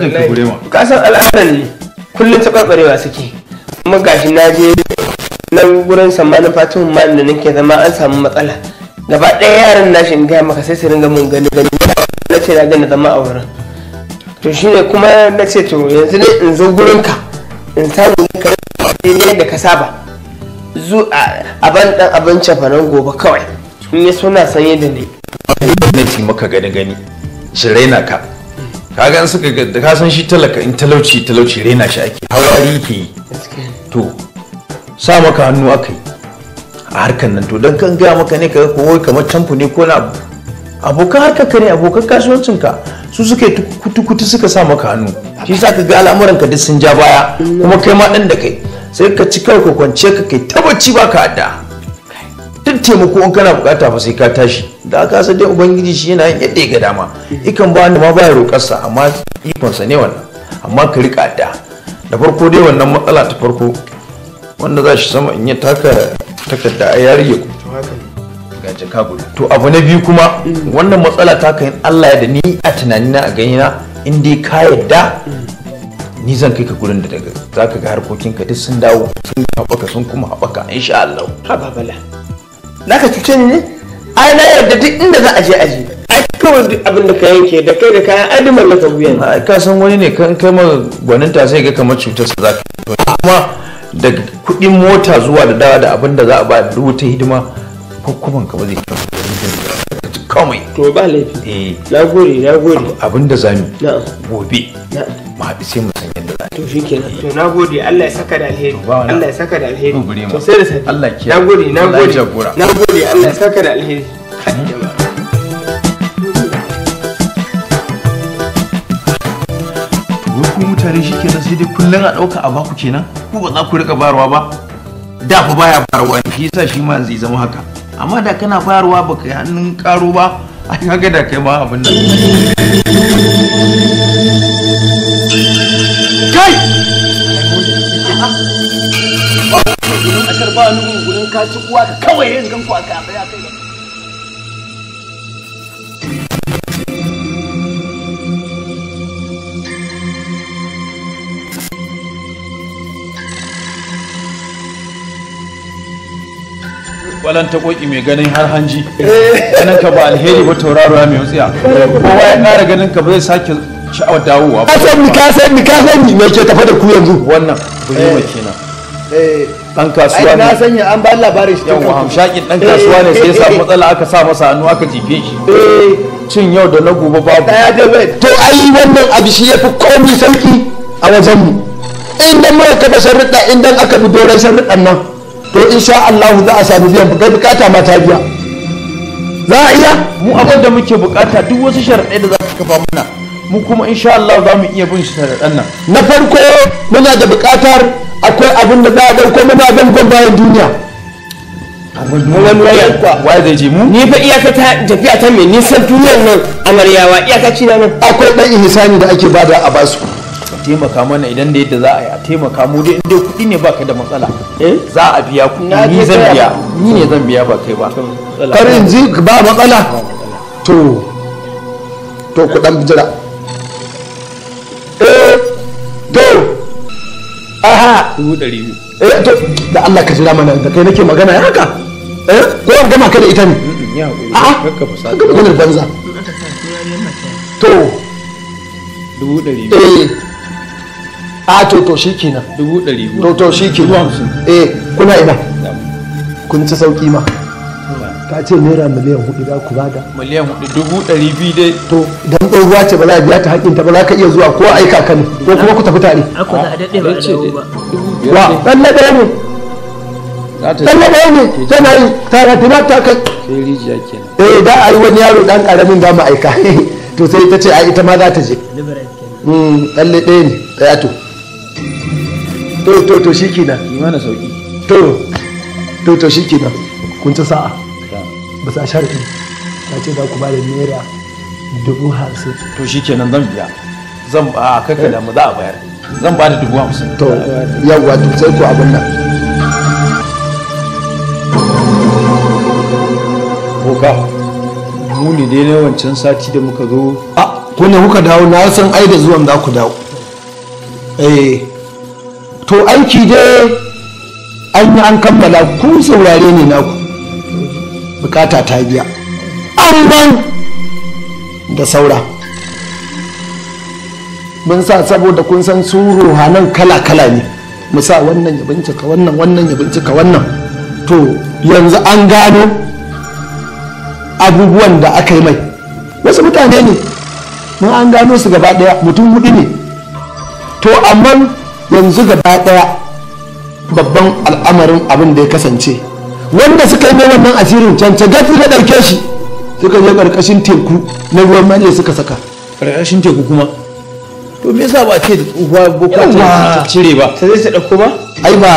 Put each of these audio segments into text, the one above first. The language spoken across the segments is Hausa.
haɗin ka gure ma ka san al'amuran kullum taɓarɓarewa suke kuma gashi na je nan gurin sammanin fatihu ma da nake zama an samu matsala gaba ɗaya yaran na shi gaya maka sai su ringa mun gani gani na ce na gani zama a wurin to ne kuma na ce to yanzu ne in zo gurin ka in samu ka ne da ka saba zu a ban dan abincin fanan gobe kawai in ya suna sanye da ni na ci maka gani gani shi raina ka kaga an suka ga ka san shi talaka in talauci talauci rena shi ake haurari ke yi to sa maka hannu aka yi a harkar nan to don kan gaya maka ne kaga ko kamar tamfu ne ko na abu abokan harkar ka ne abokan kasuwancin ka su suka yi tukutukutu suka sa maka hannu shi sa ka ga al'amuran ka duk sun ja baya kuma kai ma dan da kai sai ka ci kawai ka kwance ka kai tabbaci baka adda duk taimako in kana bukata fa sai ka tashi da aka san dai ubangiji shi yana yadda ya ga dama ikan ba ni ma baya roƙar sa amma ikonsa ne wannan amma ka riƙa da da farko dai wannan matsala ta farko wanda za shi sama in ya taka takarda a yari ya ga jaka gudu to abu na biyu kuma wannan matsala ta kai Allah ya da ni a tunani na a ganina in dai ka yadda ni zan kai ka gurin da daga zaka ka ga harkokinka duk sun dawo sun haɓaka sun kuma haɓaka insha Allah. ha babala naka ka cuce ni ne ai na yarda duk inda za a je a je ai kawai duk abin da ka yanke da kai da kayan ai duk mallaka wuyan ai ka san wani ne kan kai ma gwaninta sai ga kamar cutar sa za ka kuma da kuɗin mota zuwa da dawa da abin da za a ba da wuta hidima ko kuma ka ba zai kyau kawai to ba laifi eh. na gode na gode abin da zamu gobe mu haɗu sai mu san yadda za to shikenan to na Allah ya saka da alheri Allah ya saka da alheri to sai da sai Allah ke na gode na na Allah ya saka da alheri hmm? mutane shi kenan sai dai kullum a ɗauka a baku kenan ku ba za ku riƙa barwa ba da fa baya barwa ne shi yasa shi ma zai zama haka amma da kana bayarwa baka yi hannun karo ba a kaga da kai ma abin nan kai ba kaci kawai yin ganku a ya kai kwalan ta koki mai ganin har hanji ganin ka ba alheri ba tauraro ya mai wutsiya kowa ya kara ganin ka ba zai sake sha'awar dawowa ba san ni ka san ni ka san ni me ke tafa da ku yanzu wannan bujuma eh. kenan eh. dan kasuwa ne na sanya an ba labarin shi yawa hamshakin dan kasuwa ne sai ya samu eh. matsala aka sa masa hannu aka jife shi cin yau da na gobe babu to ai wannan abu shi yafi komai sauki a wajen mu idan muka kaba sharuɗa idan aka bi doron sharuɗan nan to insha Allah za a sami biyan bukai bukata ma ta biya za a iya mu abin da muke bukata duk wasu sharaɗai da za ka kafa mana mu kuma insha Allah za mu iya bin sharaɗan nan na farko muna da bukatar akwai abin da za a dauko muna bangon bayan duniya wa zai ji mu ni fa iyaka ta tafiya ta mai nisan duniyar nan amaryawa iyaka ci na nan akwai dan ihsani da ake bada a basu taimaka mana idan da yadda za a yi a taimaka mu dai inda kuɗi ne baka da matsala eh, za a biya ku ni zan biya ni ne zan biya ba kai ba kar in ji ba matsala to to ku dan jira eh to aha dubu ɗari biyu eh to da Allah ka jira mana da kai nake magana ya haka eh ko an gama ka da ita ne a'a ka ga maganar banza to dubu ɗari biyu eh. a to to shi kenan dubu ɗari to to shi kenan eh kuna ina kun ci sauki ma ka ce naira miliyan hudu za ku bada miliyan hudu dubu ɗari biyu dai to dan ɗan ce ba za a biya ta haƙƙin ta ba za ka iya zuwa ko aika ka ne ko kuma ku tafi tare a kuna a daɗe ba a wa ɗan na ɗaya ne ɗan na ɗaya ne tana yi tara tana ta kai eh da a yi wani yaro ɗan ƙaramin da mu aika to sai ta ce a ita ma za ta je hmm, ɗan ɗaya ne ɗaya to to to to shikenan yi sauki to to to shikenan kun ci sa'a ba sa sharadi ta ce za ku ba da naira dubu hamsin to shikenan zan biya zan ba kaka eh. da mu za a bayar zan ba da dubu hamsin to yawwa to sai ku abin nan boka muni dai na wancan sati da muka zo a kuna kuka dawo na san ai da zuwan za ku dawo eh to aiki dai an yi an kammala ku saurare ne naku bukata ta biya an da saura mun sa saboda kun san su ruhanan kala-kala ne mu sa wannan ya bincika wannan wannan ya bincika wannan to yanzu an gano abubuwan da aka yi mai wasu mutane ne mun an gano su gaba daya mutum hudu ne to amma yanzu gaba daya babban al'amarin abin da ya kasance wanda suka yi wannan asirin canca gafi da ɗauke shi suka yi ƙarƙashin teku na ruwan manje suka saka ƙarƙashin teku kuma to me yasa ba ce da tsohuwa boko ta cire ba sai sai ɗauko ba ai ba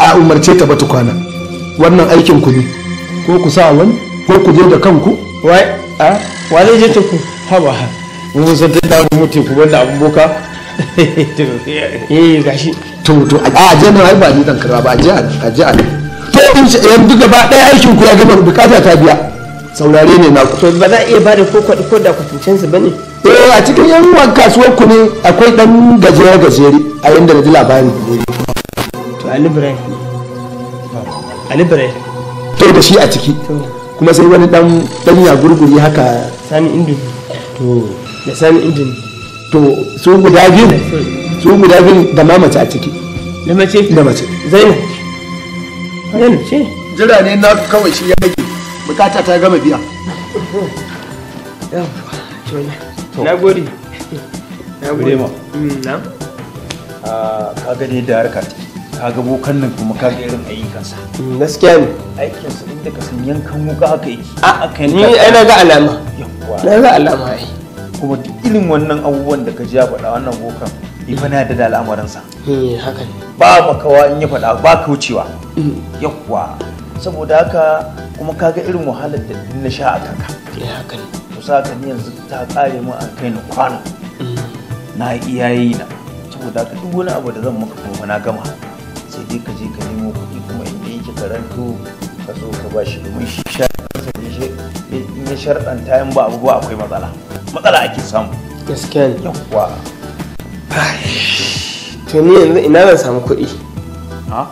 a umarce ta ba tukwana wannan aikin ku ne ko ku sa wani ko ku je da kanku wai a wale je teku ha ba ha mun san da mu teku banda abin boka eh gashi to to a je na ba ni dan karba ba a je a je a to in yanzu gaba daya aikin ku ya gaba bukata ta biya saurare ne na to ba za a iya bada ko ko da kwatancin su bane eh a cikin yan ruwan kasuwar ku ne akwai dan gajere gajere a yanda da ji labari to Ali Ibrahim Ali Ibrahim to da shi a ciki kuma sai wani dan dan ya gurguri haka sani indin to da sani indin to su guda biyu su guda biyu da mamace a ciki da mace da mace ne zainab ce jira ne na kawai shi ya rage bukata ta gama biya na gode na gode ma mm, na ah, ka gani da harka ka ga bokan nan kuma ka ga irin ayyukansa mm, gaskiya ne aikinsa inda ka san yankan wuka aka yi a ah, aka yi ni ai na ga alama na ga alama yi kuma irin wannan abubuwan da ka ji ya faɗa wannan bokan ifa na yadda da al'amarinsa sa. Eh, ba makawa in ya faɗa ba wucewa mm. yawwa saboda haka kuma kaga irin wahalar da na sha a kanka eh, kusa ni yanzu ta kare mu a kai na kwano. Mm. na iyayi na saboda haka duk wani abu da zan maka kuma na gama sai dai ka je ka nemo kuɗi kuma yi ki karanto ka zo ka ba shi domin shi sha in ya sharɗanta in ba abu ba akwai matsala matsala ake samu gaskiya ne yawwa to ni yanzu ina zan samu kuɗi ha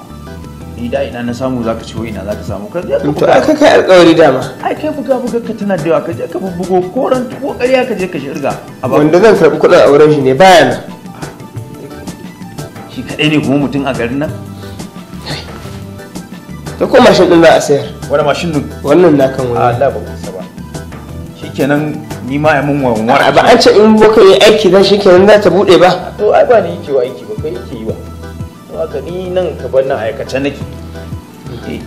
ni da ina na samu zaka ciwo ina zaka samu ka je to ka kai alƙawari dama ai kai buga buga ka tana da ka je ka bugo koran ko ƙarya ka je ka shirga wanda zan karɓi kuɗin auren shi ne baya nan shi kaɗai ne kuma mutum a garin nan Ta ko mashin din za a sayar wani mashin din wannan na kan wani Allah ba ku saba shikenan ni ma ya mun warwar ba an ce in baka yi aiki nan shikenan za ta bude ba to ai ba ni yake wa aiki ba kai yake yi wa to haka ni nan ka bar nan aikace nake eh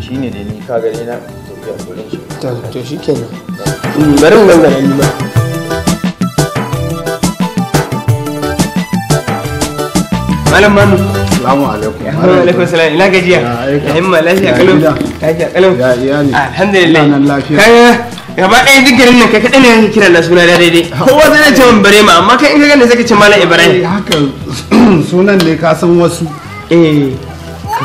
shine da ni ka gare na to ya gurin shi to shikenan mm, bari mun gana ni ma Malam Manu. Salamu alaikum. Wa alaikum salam. Ina gajiya. Ya himma lafiya kalau. Lafiya kalau. Ya iyali. Alhamdulillah. Kana lafiya. Kaya gaba ɗaya duk garin nan kai kaɗai ne kake kiran na suna da daidai kowa zai ce min bare ma amma kai in ka gane sai ka ce malam ibrahim eh, haka sunan ne ka san wasu eh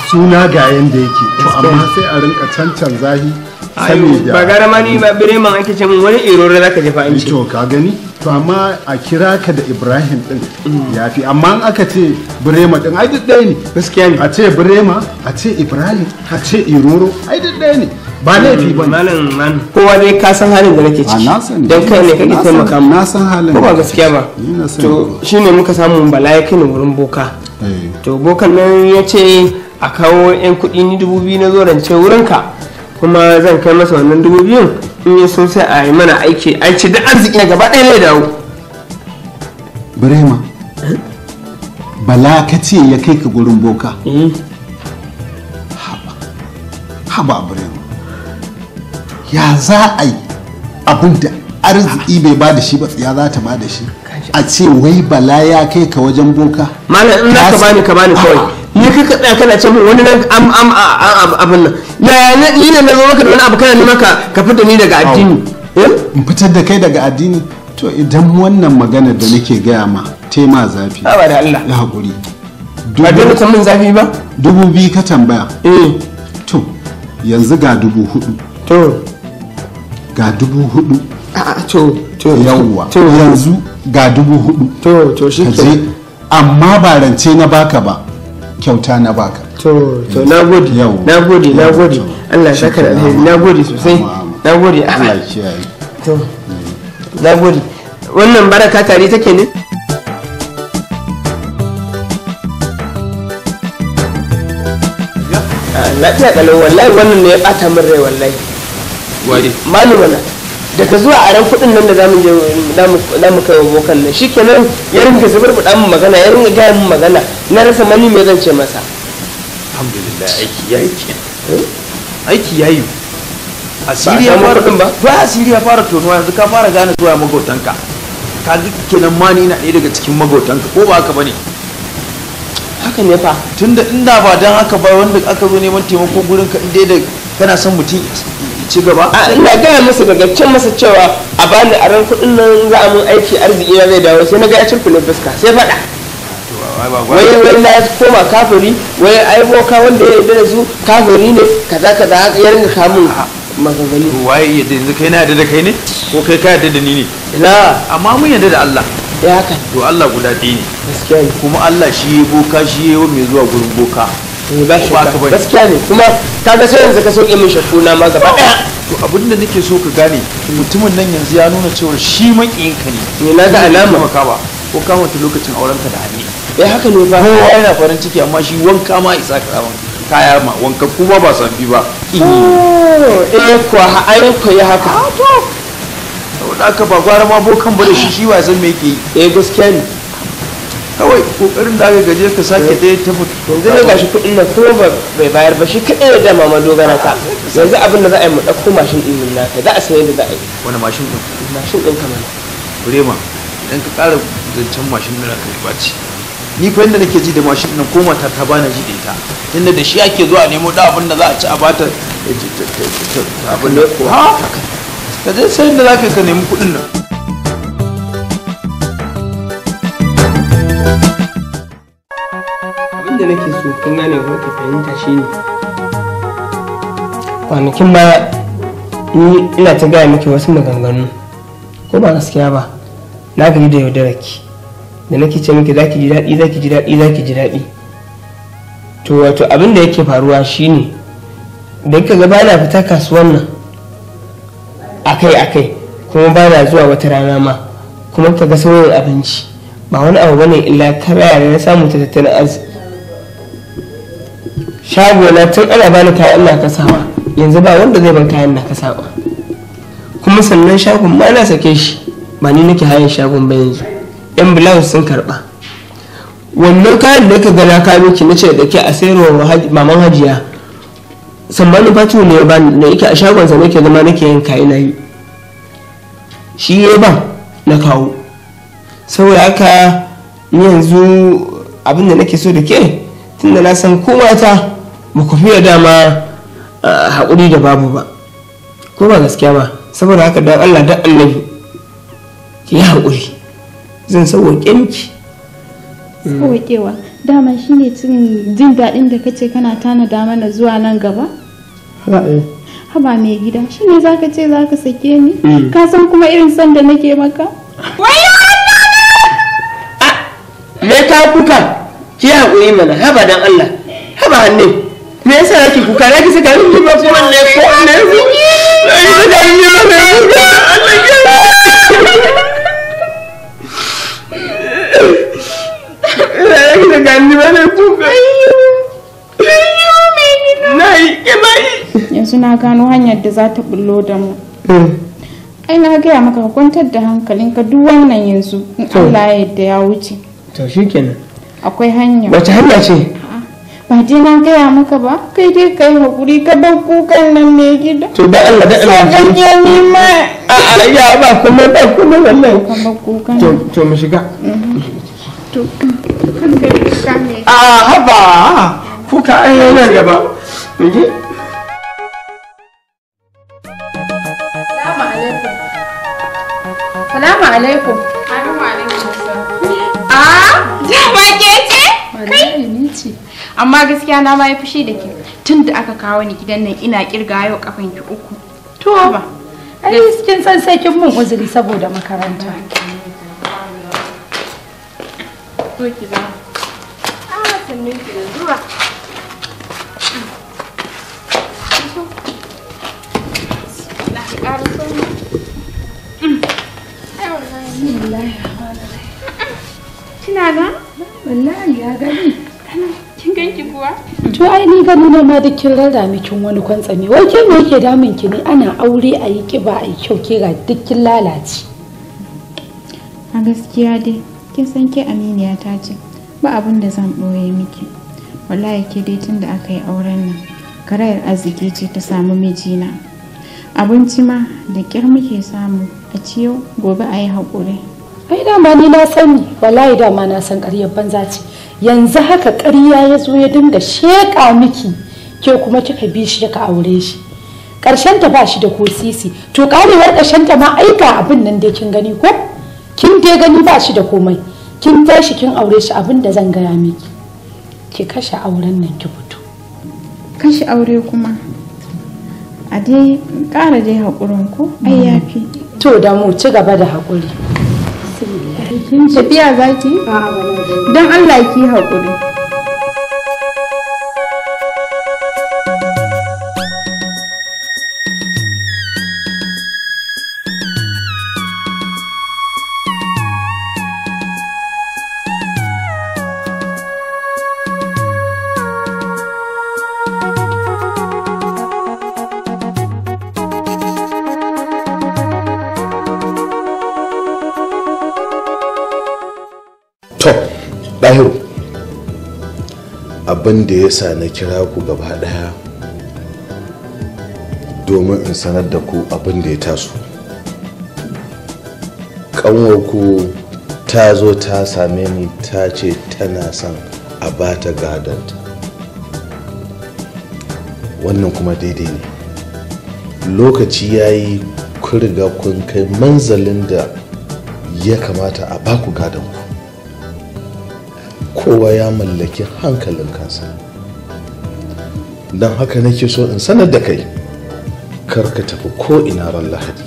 suna ga yanda yake to amma sai a rinka cancan zahi sani da ba gara ma ni ba bare ma ake ce mun wani irore zaka jefa in ce eh, to ka gani to amma a kira ka da ibrahim din mm. yafi amma in aka ce birema din ai duk ɗaya ne gaskiya ne a ce birema a ce ibrahim a ce iroro ai duk ɗaya ne ba laifi ba kowa dai ka san halin da nake ciki don kai ne kake taimaka mu na san halin ko ba gaskiya ba to shine muka samu bala ya kai wurin boka eh. to bokan nan ya ce a kawo yan kuɗi ni dubu biyu na zo rance wurinka kuma zan kai masa wannan dubu biyun in yi sun sai a yi mana aiki an ci duk arziki na gaba ɗaya ne dawo birema eh? bala ka ce ya kai ka gurin boka eh. haba haba birema ya za a yi abin da arziki bai ba da shi ba ya za ta ba da shi a ce wai bala ya kai ka wajen boka malam in za ka bani ka bani kawai ni ka kada kana ce min wani nan am am abin nan yaya yana ne na maka da wani abu kana ne maka ka fita ni daga addini eh? in fitar da kai daga addini to idan wannan magana da nake gaya ma ma zafi ba da Allah ya hakuri ba dole mutum min zafi ba dubu biyu ka tambaya eh to yanzu ga dubu hudu to ga dubu hudu to to yawwa to yanzu ga dubu hudu to to shi amma ba rance na baka ba kyauta na baka to to na gode na gode na gode Allah saka da alheri na gode sosai na gode Allah ya na gode wannan baraka tare take ne lafiya kalau wallahi wannan ne ya bata min rai wallahi malu mana daga zuwa a ran kudin nan da zamu je mu kai wa bokan nan shikenan ya rinka zubar da mu magana ya rinka gaya mu magana na rasa mani me zan ce masa alhamdulillah aiki yayi eh? aiki yayi asiri ya fara ba ba asiri ya fara tonuwa yanzu ka fara gane zuwa magotanka ka ga kenan ma ni na ɗaya daga cikin magotanka ko ba haka bane haka ne fa tunda inda ba dan haka ba wanda aka zo neman taimako gurin ka dai da kana son mutum ci gaba a ina gaya musu daga can masa cewa a bani a ran kudin nan za a mun aiki arziki na zai dawo sai na ga ya cin filin fuska sai faɗa wai wai na ya koma kafiri wai ai boka wanda ya yarda da su kafiri ne kaza kaza ya ringa kamun magagani waye yadda yanzu kai na yarda da kai ne ko kai ka yarda da ni ne ina amma mun yarda da Allah ya haka to Allah guda biyu ne gaskiya kuma Allah shi ya boka shi ya mai zuwa gurin boka gaskiya ne kuma ka ga sai yanzu ka sauke min shakku na ma gaba daya to abin da nake so ka gane mutumin nan yanzu ya nuna cewa shi makiyin ka ne ne na ga alama maka ko ka mutu lokacin aurenka da hali eh haka ne ba kowa yana farin ciki amma shi wanka ma isa karaman kaya ma wanka kuma ba san bi ba eh kwa. ha ai ko ya haka to da ka ba gwara ma bokan ba shi, shi shi zan me yake eh gaskiya ne kawai kokarin da aka gaje ka sake dai ta fito yanzu ne gashi kuɗin nan kuma bai bayar ba shi kaɗai da dama dogara ka yanzu abin da za a yi mu ɗauko mashin ɗin nan naka za a san yadda za a yi wani mashin ɗin mashin ɗin kamar burema idan ka ƙara zancen mashin ɗin ka ba ci ni fa yadda nake ji da mashin ɗin ko mata ta bani ji da ita tunda da shi ake zuwa nemo da abin da za a ci a bata abin da ko ha ka je sai da za ka nemi kuɗin nan da nake so kin gane ko fahimta kwanakin baya ni ina ta gaya miki wasu maganganu ko ba gaskiya ba na gari da yaudaraki da nake ce miki zaki ji daɗi zaki ji daɗi zaki ji daɗi to wato abin da yake faruwa shine da kika ga bana fita kasuwan nan akai akai kuma bana zuwa wata rana ma kuma kaga sauran abinci ba wani abu bane illa ta da na samu ta tattalin shago tun ana bani kayan na kasawa yanzu ba wanda zai ban kayan na kasawa kuma sannan shagon ma na sake shi ba ni nake hayan shagon ba yanzu yan blouse sun karba wannan kayan da ka gana ka miki na ce da ke a sayarwa maman hajiya sambani fatu ne ba da yake a shagon sa nake zama nake yin kayan na yi shi ya ban na kawo saboda haka yanzu abinda da nake so da ke tunda na san ko mata muku fiye dama haƙuri da babu ba ko ba gaskiya ba saboda haka don allah don allah ki yi haƙuri zan sauwaƙe miki hmm. sauwaƙewa dama shine cin jin daɗin da kace kana tana dama na zuwa nan gaba haba eh. mai gida shine ka ce za ka sake ni hmm. ka san kuma irin son da nake maka wayo ah, me ta kuka ki haƙuri mana haba dan Allah haba hannu me yasa yake ki saka min ba ko ne ko ne ai da ni ne ba ne yanzu na gano hanyar da za ta bullo da mu hmm. ai na gaya maka ka kwantar da hankalinka duk wannan yanzu in Allah ya ya wuce to shikenan akwai hanya wace hanya ce ba dai na gaya maka ba kai dai kai hakuri ka kaba kukan nan ne gida to da Allah da Allah ni ma a ba kuma ba kuma wallahi to to mu shiga to a haba kuka ai gaba Salamu alaikum. Salamu alaikum. Salamu alaikum. Ah, amma gaskiya na ma ya fushi da ke tun da aka kawo ni gidan nan ina kirga yau kafan ki uku to ba ai kin san sai kin mun uzuri saboda makaranta to ki za a ah, ki Kina Wallahi ya gani. To ai ni ga nuna ma duk kin rarra kin wani ne Wai ke yake damun ki ne ana aure a yi kiba a yi kyau ke ga duk kin lalace. A gaskiya dai kin san ke aminiya ta ce ba abin da zan ɓoye miki. Wallahi ke dai tun da aka yi auren nan karayar arziki ce ta samu mijina. Abinci ma da kyar muke samu a ciyo gobe a yi haƙuri. Ai dama ni na sani wallahi dama na san ƙaryar banza ce. yanzu haka ƙarya ya zo ya dinga sheƙa miki ke kuma kika bi shi ka aure shi ƙarshen ta ba shi da ko sisi to ƙarewar ƙarshen ta ma aika abin nan dai kin gani ko kin dai gani ba shi da komai kin tashi kin aure shi abin da zan gaya miki ki kashe auren nan ki fito kashe aure kuma a dai ƙara dai haƙurin ko ai yafi mm. to da mu ci gaba da haƙuri tafiya zaki? A'a Don Allah ki haƙuri. stop ɗahiru abin da ya sa na kira ku gaba ɗaya domin in sanar da ku abin da ya taso ƙanwarku ta zo ta same ni ta ce tana son a ba ta gadonta wannan kuma daidai ne lokaci ya yi kun kun kai manzalin da ya kamata a baku gadonku kowa ya mallaki hankalin kansa don haka nake so in sanar da kai kar ka tafi ko ina ran lahadi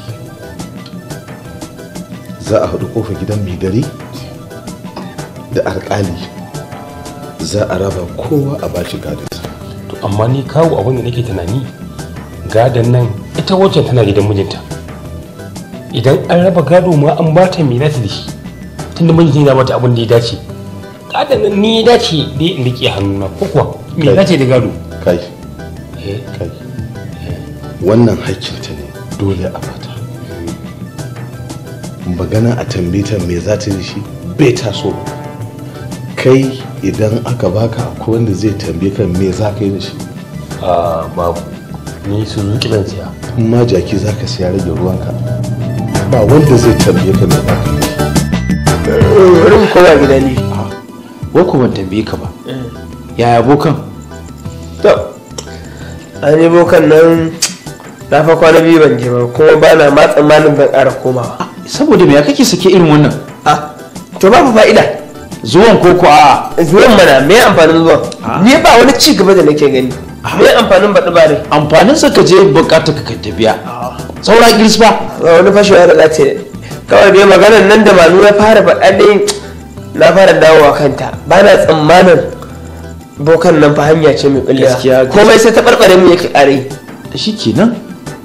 za a haɗu kofa gidan mai gari da alƙali za a raba kowa a bashi gadon to amma ni kawo abin da nake tunani gadon nan ita wacce tana gidan mijinta idan an raba gado ma an bata mai nata da shi tunda mijinta ya mata abin da ya dace kada nan ni dace dai in rike hannuna ko kuwa me ce da gado kai eh. kai wannan hakkinta ne dole a fata magana a tambita me za ta yi shi bai so kai idan aka baka ko wanda zai tambaye ka me za ka yi shi a ah, babu ni su zuki zan siya ma jaki za ka siya rage ruwanka ba wanda zai tambaye ka me za ka yi da shi wai ban tambaye ka ba yaya bokan to an yi bokan nan na fa kwana biyu ban je ba kuma ba na ma tsammanin ban ƙara komawa ah, saboda me ya kake sake irin wannan a ah, to ba fa'ida zuwan ko ko a zuwan mana me amfanin zuwan ah. ni ba wani ci gaba da nake gani me amfanin baɗi ba ne amfanin sa ka je bukata ka kanta biya saura girs ba wani fashewa da ce kawai dai maganar nan da malu ya fara faɗa dai na fara dawowa kanta ba na tsammanin bokan nan fa hanya ce mai ɓullewa komai sai ta barbare mu yake are shi kenan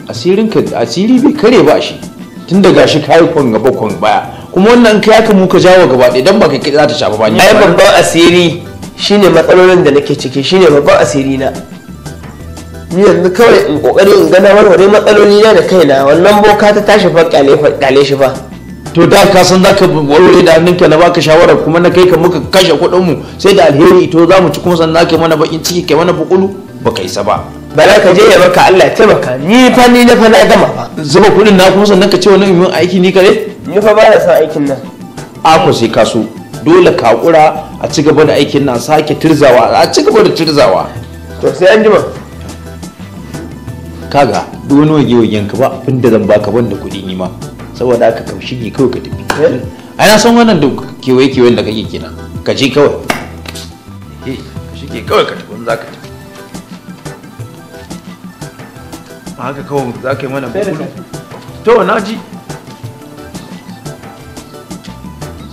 asirin ka asiri bai kare ba shi tun daga shi kayi kwan gaba kwan baya kuma wannan kai aka mu ka jawo gaba ɗaya dan baka kiɗa za ta shafa ba ai babban asiri shine matsalolin da nake ciki shine babban asiri na ni yanzu kawai in kokari in gana warware matsaloli na da kaina wannan boka ta tashi fa kyale shi fa to da ka san zaka warware da hannunka na baka shawara kuma na kai ka muka kashe kuɗin mu sai da alheri to za mu ci kuma sannan kai mana bakin ciki kai mana bukulu ba kai sa ba bala ka je ya baka Allah ya taimaka ni fa ni na fa na gama ba zuba kuɗin na kuma sannan ka ce wani min aiki ni kare ni fa ba na son aikin nan ku sai ka so dole ka kura a ci gaba da aikin nan sake tirzawa a ci gaba da tirzawa to sai an jima kaga duk wani wage-wagen ka ba abinda zan baka ban da kuɗi ni ma saboda haka kamshi shige kawai ka tafi eh? a yana son wannan duk kewaye kewayen da kake kenan ka je kawai ka eh, shige kawai ka tafi za ka tafi a haka kawai za ka yi mana bukulu to na ji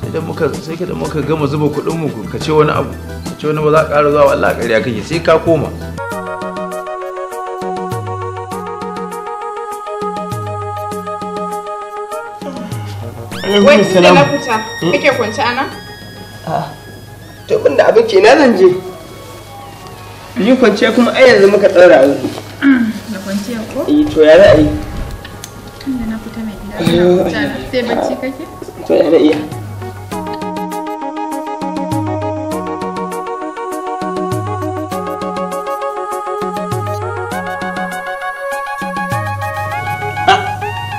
sai da muka sai ka da muka gama zuba kuɗin mu ka ce wani abu ka ce wani ba za ka ƙara zuwa wallahi ƙarya kake sai ka koma wai hmm? to bin da abin kenan zan je yi kwanciya kuma ai yanzu muka tsara hmm, da kwanciya ko eh, to ya ra'ayi na fita mai gida sai bacci kake to ya ra'ayi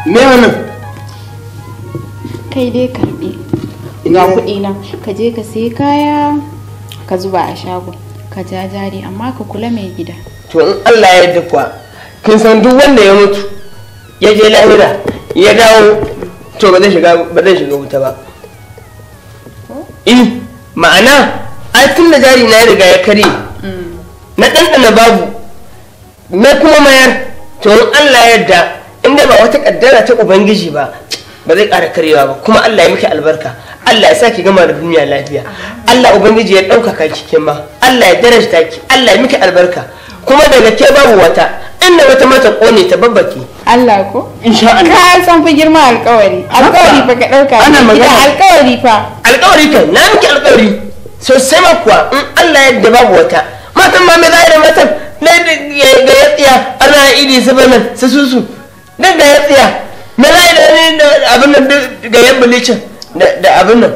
Me kai dai karbi ga kuɗi na ka je ka sai kaya ka zuba a shago ka ja jari amma ka kula mai gida to in Allah ya yarda kuwa kin san duk wanda ya mutu ya je lahira ya dawo to ba zai shiga ba zai shiga wuta ba eh ma'ana ai tun da jari na ya riga ya kare mm. na ɗanɗana babu na kuma mayar to in Allah ya yarda in ba wata kaddara ta ubangiji ba ba zai ƙara karewa ba kuma Allah ya miki albarka Allah ya saki gama da duniya lafiya Allah ubangiji ya ɗaukaka ki ke ma Allah ya darajta ki Allah ya miki albarka kuma daga ke babu wata inda wata mata kone ta babbaki Allah ko insha Allah ka san fa girma alƙawari alƙawari fa ka ɗauka ana magana alƙawari fa alƙawari kai na miki alƙawari sosai ma kuwa in Allah ya yarda babu wata matan ma mai zaire matan ne ga ya ana idi sabanan su susu dan da ya na ne da abin nan ga yan da abin nan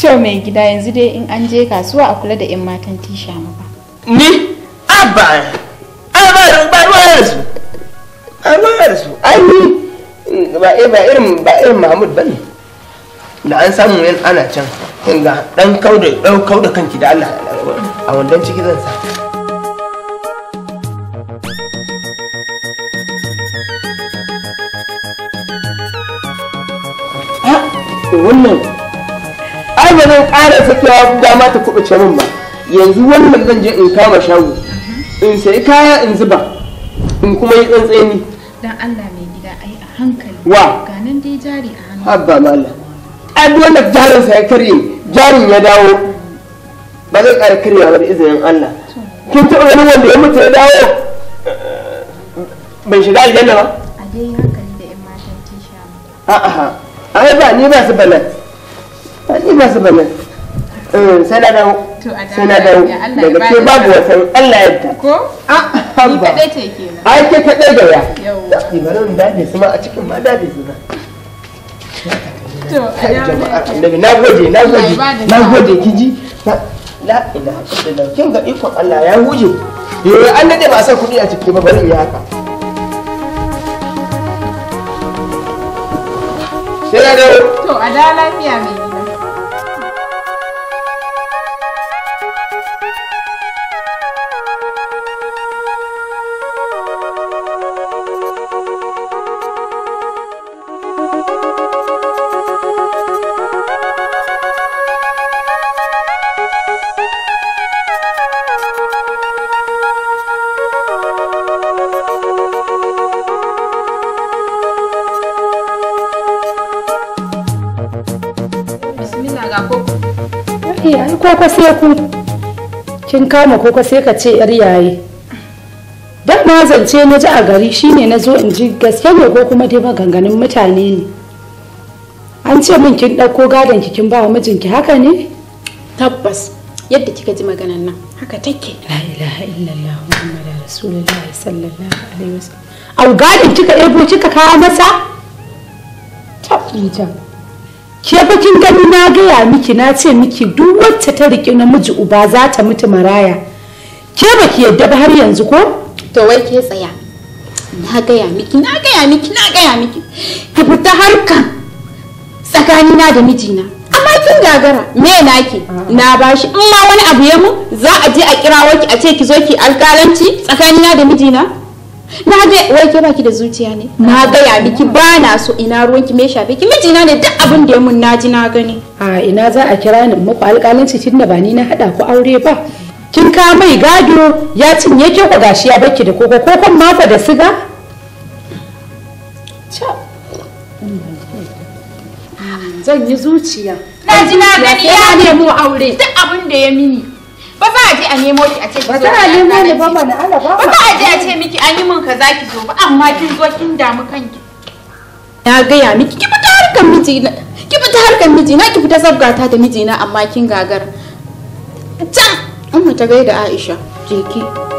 to mai gida yanzu dai in an je kasuwa a kula da yan matan tisha ma ba ni abba a ba ruwa ba amma yanzu ai ni ba irin ba irin mahmud ba ne da an samu yan ana can kin ga dan kauda dan kauda kanki da Allah a wandan ciki zan sa to wannan ai ba zan ƙara sakewa dama ta kuɓuce min ba yanzu wannan zan je in kama shago in sayi kaya in zuba in kuma yi tsantseni dan Allah mai gida ai a hankali wa ga nan dai jari a hannu habba ai wanda jarin sa ya karye jarin ya dawo ba zai ƙara karyewa ba da izinin Allah kin taɓa wani wanda ya mutu ya dawo bai shiga aljanna ba a dai hankali da yan matan tisha a'a ai ba ni ba su ba ba ni ba su banan eh, sai na dawo sai na dawo daga ke babu wasan Allah ya ta, ko a ah, habba ai ke kadai da ya yau bari in dade su ma a cikin ma dade su to a na gode na gode na gode kiji la ilaha illallah kin ga ikon Allah ya huje yo eh, an dade ba sa kudi a cikin ba bari ya haka sai na to a da lafiya mai Eh, ai kwakwa sai ku. Kin kama kwakwa sai ka ce yar yayi Dan na zance na ji a gari shine na zo in ji gaske ne ko kuma dai maganganun mutane ne. An ce min kin ɗauko gadon ki kin ba wa mijinki haka ne? Tabbas. Yadda kika ji maganan nan haka take. La ilaha illallah Muhammadu Rasulullahi sallallahu alaihi wasallam. Au gadon kika Ebo kika kawo masa? Tabbita. ke kin gani na gaya miki na ce miki duk wacce ta riƙi namiji uba za ta mutu maraya ke baki yadda ba har yanzu ko to wai ke tsaya na gaya miki na gaya miki na gaya miki ki fita harkan tsakanina da mijina amma kin gagara me naki na bashi in ma wani abu ya mu za a je a kirawo ki a ce ki zo ki alƙalanci tsakanina da mijina na ga wai ke baki da zuciya ne na gaya miki ba na so ina ruwan ki me shafe ki na ne duk abin da ya mun naji na gani a ina za a kira ni muku alƙalanci tunda ba ni na hada ku aure ba kin ka mai gado ya cinye ki ku gashi ya baki da koko ko kan mako da siga zan yi zuciya na ji na gani ya mu aure duk abin da ya mini ba ba a je a nemo ki a ce ki zo ba za a nemo ne ba mana ala ba ba a je a ce miki an yi min kaza ki zo ba amma kin zo kin damu kanki na gaya miki ki fita harkan miji na ki fita harkan miji na ki fita sabgata da miji na amma kin gagar ta amma ta gaida Aisha je ki